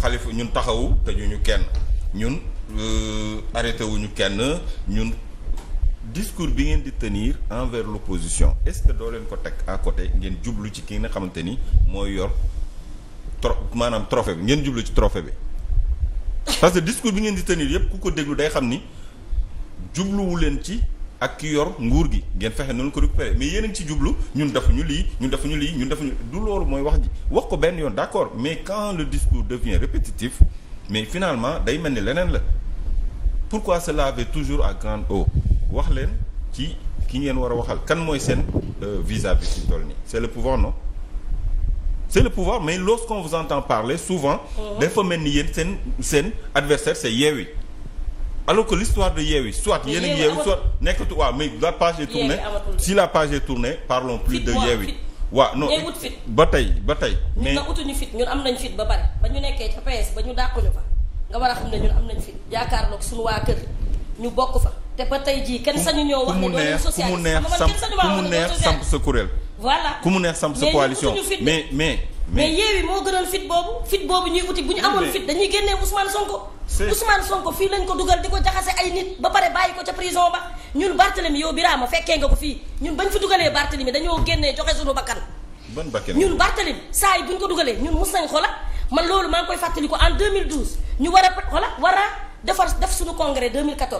xalifa ñun taxawu ñu kenn ñun euh, arrêté wuñu kenn ñun discours bi ngeen di tenir envers l'opposition est-ce que doo leen ko teg à côté ngeen jublu ci ki nga xamante ni mooy yor tro maanaam trophée bi ngeen jublu ci trophée bi parce que discours bi ngeen di tenir yépp ku ko déglu day xam ni jubluwu leen ci ak ki yor nguur gi ngeen fexe noonu ko récupérer mais yéen a ci jublu ñun defuñu lii ñun defuñu lii ñun defuñu du loolu mooy wax ji wax ko benn yoon d'accord mais quand le discours devient répétitif mais finalement day mel ni leneen la pourquoi se laver toujours ak grande eau wax leen ci ki ngeen war a waxal kan mooy seen euh, vis-à-vis fi toll nii c'est le pouvoir non c'est le pouvoir mais lorsqu'on vous entend parler souvent oh. dafa mel ni yéen seen seen adversaire c'est Yewwi alors que l'histoire de Yewwi soit yéen a ngi Yewwi soit nekkatu waaw mais la page est tournée si la page est tournée parlons plus de Yewwi waaw non ba tey ba tey mais nga ñu fit ñun am nañ fit ba pare ba ñu nekkee ca PS ba ñu dàquñu fa nga war a xam ne ñun am nañ fit jaakaarloog suñu waa kër ñu bokk fa te ba tey jii kenn sañu ñoo wax ne doon socialiste ku mu neex samp sa kuréel voilà ku mu neex samp sa coalition mais mais mais Yewwi moo gënal fit boobu fit boobu ñuy uti bu ñu amoon fit dañuy génnee Ousmane Sonko. Ousmane Sonko fii lañ ko dugal di ko jaxase ay nit ba pare bàyyi ko ca prison ba ñun Barthélemy yow Birama fekkee nga ko fii ñun bañ fi dugalee Barthélemy dañoo génnee joxe suñu bakkan. ban bakkan ñun Barthélemy saa yi buñ ko dugalee ñun mus nañ xoola man loolu maa ngi koy fàttali ko en 2012 ñu war a xoola war a defar def suñu congrès 2014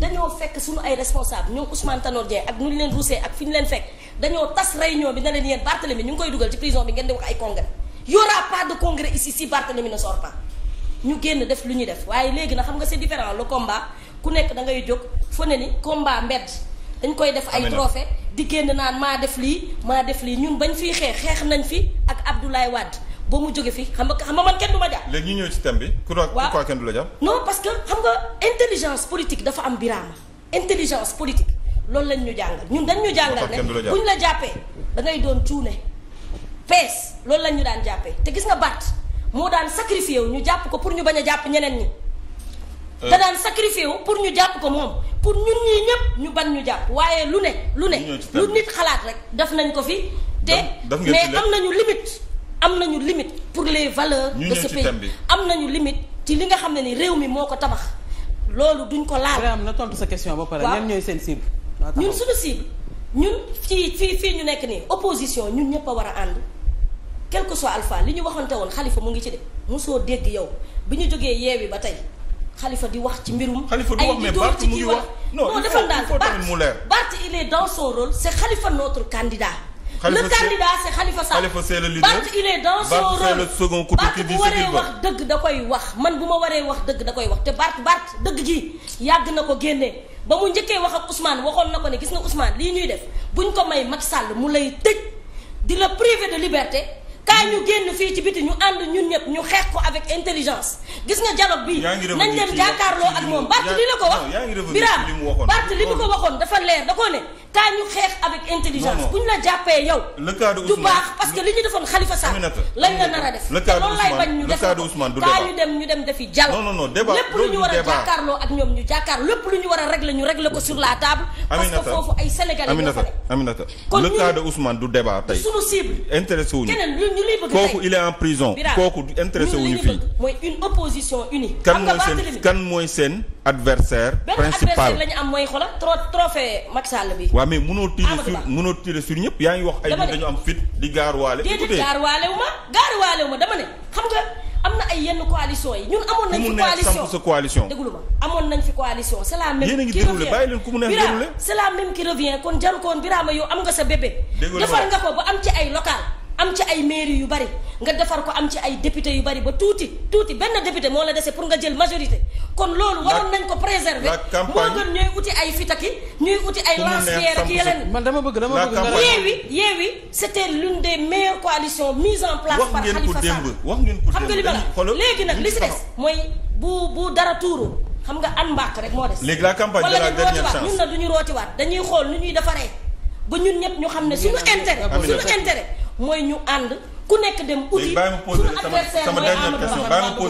dañoo fekk suñu ay responsable fi ñu leen fekk dañoo tas réunion bi na leen yéen Barthélemy ñu ngi koy dugal ci prison bi ngeen di wax ay congrès y aura pas de congrès ici si Barthélemy ne ñu génn def lu ñuy def waaye léegi na xam nga c'est différent le combat ku nekk da ngay jóg fa ne ni combat mbedd dañ koy def ay trophée di génn naan maa def lii maa def lii ñu bañ fii xeex xeex nañ fi ak Abdoulaye Wade ba mu jóge fi xam nga xam nga man kenn du ma léegi ñu ñëw ci thème bi. pourquoi kenn du la jàpp. non que xam nga intelligence politique dafa am biraama intelligence politique. loolu lañ ñu jàngal ñun dañ ñu jàngal ne buñ la jàppee dangay ngay doon cuune pees loolu lañ ñu daan jàppee te gis nga baat moo daan sacrifié wu ñu jàpp ko pour ñu bañ a jàpp ñeneen ñi euh. te daan sacrifié wu pour ñu jàpp ko moom pour ñun ñii ñëpp ñu bañ ñu jàpp waaye lu ne lu ne lu nit xalaat rek def nañ ko fi te mais am ñu limite am nañu limite pour les valeurs de ce pays am nañu limite ci li nga xam ne ni réew mi moo ko tabax loolu duñ ko laal. na tontu sa question ba pare. ñooy seen cible ñun suñu cible ñun fii fii ñu nekk nii opposition ñun ñëpp a war a ànd quel que soit alpha li ñu waxante woon xalifa mu ngi ci de mosoo dégg yow bi ñu jógee yeewi ba tey xalifa di wax ci mbirum ay di door ci kii wax non dafa daal Barth Barth il est dans son rôle c'est xalifa notre candidat Khalifa le candidat c'est Khalifa Barth il est dans Barth bu waree wax dëgg da koy wax man bu ma waree wax dëgg da koy wax te Barth Barth dëgg ji yàgg na ko génnee ba mu njëkkee wax ak Ousmane waxoon na ko ne gis na Ousmane lii ñuy def buñ ko may Macky Sall mu lay tëj dina la privé de liberté kaay ñu génn fii ci biti ñu ànd ñun ñëpp ñu xeex ko avec intelligence gis nga dialogue bi nañ dem jàkkaarloo ak moom Barth li la ko wax Birame Barth li mu ko waxoon dafa leer da koo ne kaay ñu la jàppee yow du baax a def def kaay dem ñu dem defi dialogue lépp lu ñu war a jàkkaarloo ak ñoom ñu jàkkaar lépp lu ñu war a régler ñu régler ko sur la table parce foofu ay sénégalais ñoo fa ne kon le cas de Ousmane du débat tey suñu cible ñu lay bëgg kooku il en prison kooku du intéressé wuñu fii mooy une opposition unie kan mooy seen kan mooy adversaire principal benn adversaire la am mooy xoolal trophée Macky Sall bi waaw mais mënoo tirer sur mënoo tirer sur ñëpp yaa ngi wax ay dañu am fit di gaaruwaale déedéet gaaruwaale wu ma gaaruwaale wu ma dama ne xam nga am na ay yenn coalition yi ñun amoon nañ fi coalition sa coalition déglu ma amoon nañ fi coalition c'est la même yéen a ngi déroulé bàyyi leen ku mu kon jarukoon Birama yow am nga sa bébé defar nga ko am ci ay mairie yu bari nga defar ko am ci ay député yu bari ba tuuti tuuti benn député moo la dese pour nga jël majorité kon loolu waroon nañ ko préserver moo gën ñooy uti ay fitaki ñuy uti ay lancière ak yeneen man dama bëgg dama bëgg Yewwi Yewwi c'était l'une des meilleures coalitions mises en place par Khalifa Sall wax ngeen ko démb xam nga li léegi nag li si des mooy bu bu dara tuuru xam nga an mbaak rek moo des léegi la campagne de la dernière chance ñun na du ñu rootiwaat dañuy xool nu ñuy defaree ba ñun ñëpp ñu xam ne suñu intérêt suñu intérêt mooy ñu ànd ku nekk dem. uti suñu adversaire mooy Amadou Ba